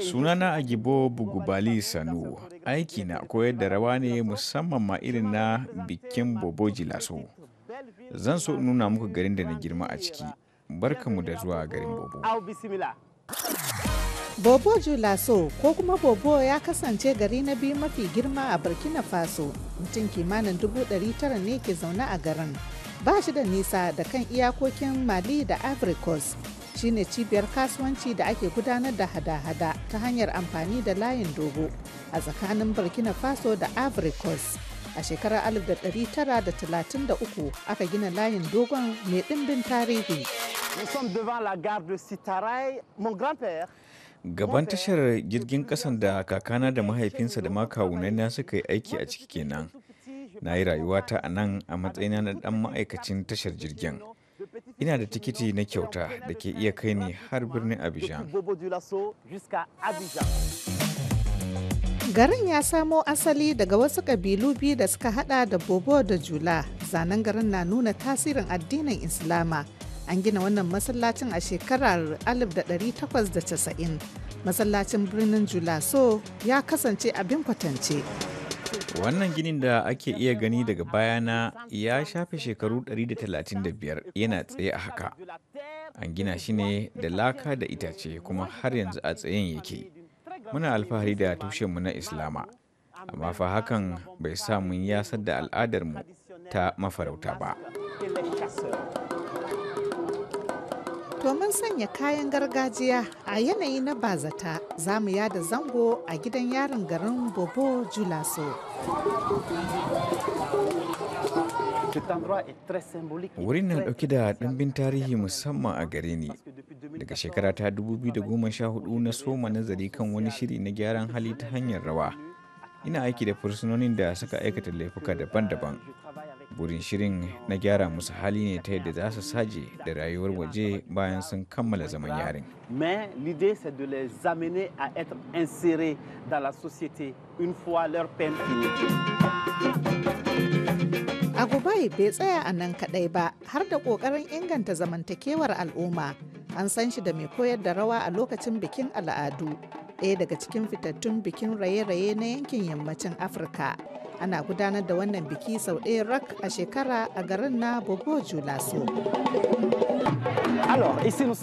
Sunana Agibo Bugubali Sanu, aiki na koyar da rawa ne musamman ma irin na bikin Boboji Laso. Zan so nuna muku garin da na girma a ciki. mu da zuwa garin Bobo. Bobo laso ko kuma Bobo ya kasance gari na biyu mafi girma a Burkina Faso. Mutum kimanin dubu ɗari tara ne ke zaune a garin. Ba shi da nisa da kan iyakokin Mali da Africos. shine cibiyar kasuwanci da ake gudanar da hada-hada ta hanyar amfani da layin dogo a tsakanin burkina faso da ivory coast a shekarar 1933 aka gina layin dogon mai ɗimbin tarihi gaban tashar jirgin kasan da kakana da mahaifinsa da na suka yi aiki a ciki kenan na yi rayuwata a nan a matsayina na ɗan ma'aikacin tashar jirgin ina da tikiti na kyauta da ke iya kai ni har birnin abidjan garin ya samo asali daga wasu ƙabilu biyu da suka hada da bobo da jula zanen garin na nuna tasirin addinin islama an gina wannan masallacin a shekarar 1890 masallacin birnin jula so ya kasance abin kwatance. Wannan ginin da ake iya gani daga bayana ya shafe shekaru 135 yana tsaye a haka. An gina shi ne da laka da itace kuma har yanzu a tsayen yake. Muna alfahari da mu na Islama, amma fa hakan bai sa mun yasar da al'adarmu ta mafarauta ba. To mun sanya kayan gargajiya a yanayi na bazata za mu yada zango a gidan yarin garin Bobo Julaso. Wurin na ɗauki da ɗimbin tarihi musamman a gare ni. Daga shekara ta 2014 na soma nazari kan wani shiri na gyaran hali ta hanyar rawa. Ina aiki da fursunonin da suka aikata laifuka daban-daban. burin shirin na gyara musu hali ne ta yadda za su saje da rayuwar waje bayan sun kammala zaman yarin agubai bai tsaya a nan kadai ba har da kokarin inganta zamantakewar al'umma an san shi da mai koyar da rawa a lokacin bikin al'adu ɗaya daga cikin fitattun bikin raye-raye na yankin yammacin afirka ana gudanar da wannan biki sau ɗaya rak a shekara a garin na bobo laso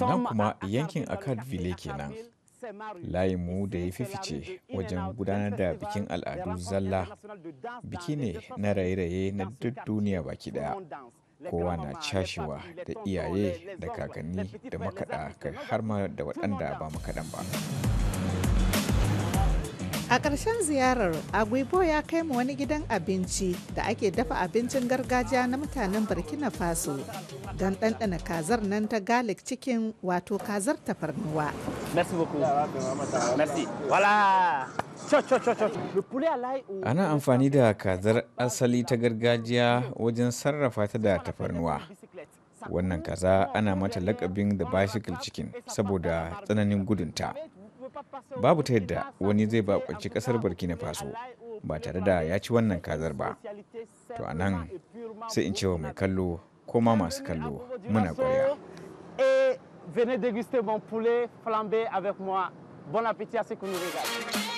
nan kuma yankin akad vile kenan layinmu da ya fifice wajen gudanar da bikin al'adu zalla biki ne na raye-raye na duk duniya baki daya kowa na cashewa da iyaye da kakanni da makaɗa kai har ma da waɗanda ba makaɗan ba. A ƙarshen ziyarar, Agwibo ya kai mu wani gidan abinci da ake dafa abincin gargajiya na mutanen Burkina Faso don ɗanɗana kazar nan ta garlic cikin wato kazar tafarnuwa. Ana amfani da kazar asali ta gargajiya wajen sarrafa ta da tafarnuwa. Wannan kaza ana mata lakabin da bicycle cikin saboda tsananin gudunta. babu ta yadda wani zai bakunci kasar burkina faso ba tare da ya ci wannan kazar ba to a nan sai in cewa mai kallo ko ma masu kallo muna ƙwarya eh, Venez déguster mon poulet flambé avec moi. Bon appétit à ceux qui nous regardent.